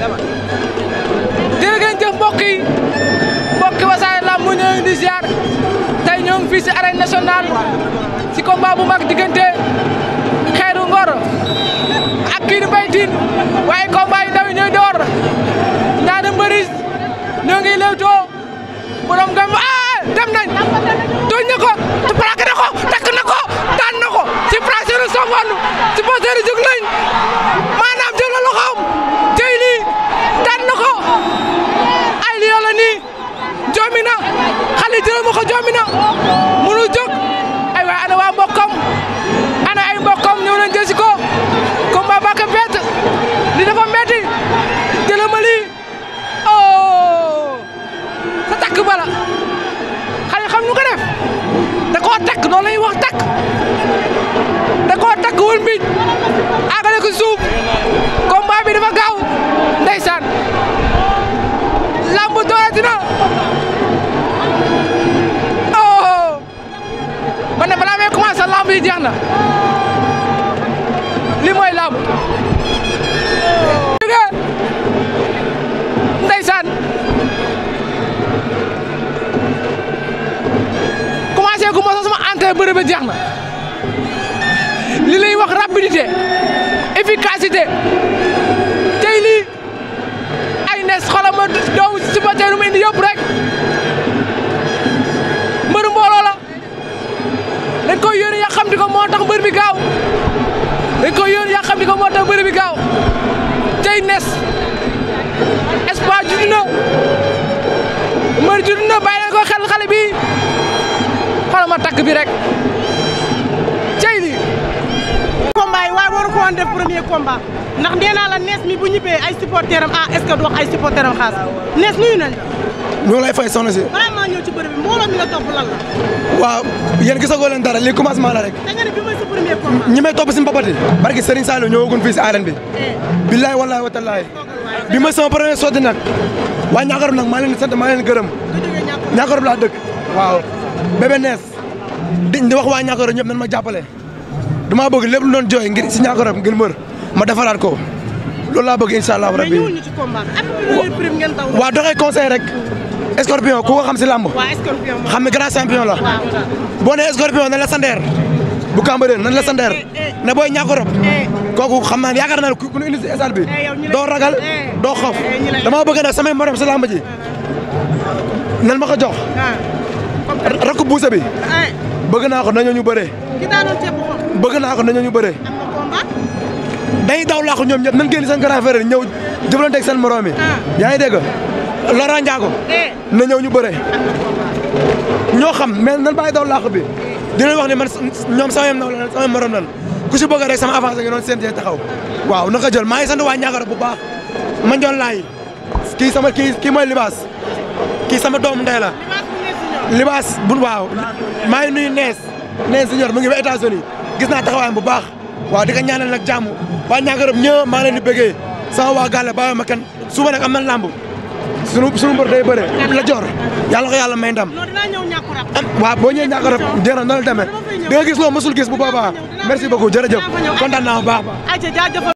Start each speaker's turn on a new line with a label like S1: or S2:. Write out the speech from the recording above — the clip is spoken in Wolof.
S1: jërë
S2: ngeen jëf mbokk yi mbokk Wassare Lamb mu ñëw di ziar tey ñoo ngi si arène bu mag diggante Xeeru Ngor ak kii di Mbaye Tine waaye combat yi ndaw ñooy door ñaari mbëri ñoo ngi lewtoo borom gam ah dem nañ tooñ na ko takk bala xale xam nu ko def da koo takk noonu la wax takk da koo takk woon mbiñ àggale ko suuf combat bi dafa gaaw ndeysaan lamb doolati na oh man ne balaa may lamb yi jeex na li mooy lamb bëre ba na li lay wax rapidité efficacité tey lii ay nes xoolal ma doomu si indi yëpp rek mbëru mbooloo la dañ koy yónni yaa xam di ko moo tey nes ma takk bi rek cey li
S1: combat yi waaye waru ko de def premier combat ndax nee naa la nees mi bu ñibbee ay supporter am ah est-ce que ay supporter am xaas nees nuyu nañ ñoo lay fay soxna si vraiment ñëw ci bërëb bi mbooloo mi la waaw yéen gisagoo leen dara lii commencement la rek da nga ne bi mooy sa premier combat ñi may topp si mbapati barki Serigne Saliou ñëwagun fii si arène bi eh. billaay wallaay wa tallaay bi mooy sama premier sotti nag waaye ñaakarob nag maa leen sant maa leen gërëm ñaakarob laa dëkk waaw bébé nees di wax waa Niakhar ñëpp nan ma jàppale damaa bëgg lépp lu doon jooy ngir si Niakhar ngir mbër ma defaraat ko loolu laa bëgg incha allah rabbi waaw doxee conseil rek Scorpion ku ko xam si làmb xam ne grand champion la boo nee Scorpion nan la sandeer bu Cambérène nan la eh, sandeer eh, eh. na booy Niakhar kooku xam naa yaakaar naa ne ku ñu indi si stade bi doo ragal doo xoof damaa bëgg nag samay morom si làmb ji nan ma ko jox ah. rakk buuse bi. Eh. bëgg naa ko nañoo ñu bëree. bëgg naa ko nañoo ñu bëree. dañuy daw laax ñoom ñëpp nañ génn seen grand frère ñëw jëflanteeg seen morom yi. Ah. yaa ngi dégg Laurent eh. na ñëw ñu bëree. ñoo xam mais nan bàyyi daw laax bi dinañ wax ne man ñoom sama yem na sama morom lan ku si bëgg rek sama avancé ngi doon seen jee taxaw waaw na ko jël maa ngi sant waa Niagara bu baax ma njoon laay kii sama kii kii mooy libaas kii sama doom ndey la Libaas bun waaw maa ngi nuyu Nees Nees senior mu ngi ba États-Unis gis naa taxawaayam bu baax waaw di ko ñaanal nag jàmm waa ñaagaram ñëpp maa ngi leen di bëggee sama waa gàlle bàyyi ma kenn suba nag am na làmb sunu sunu mbër day bëre la jor yàlla ko yàlla may ndam waaw boo ñëwee ñàkk rab jërë noonu la demee da nga gis loo mësul gis bu boobaa merci beaucoup jërëjëf kontaan naa bu baax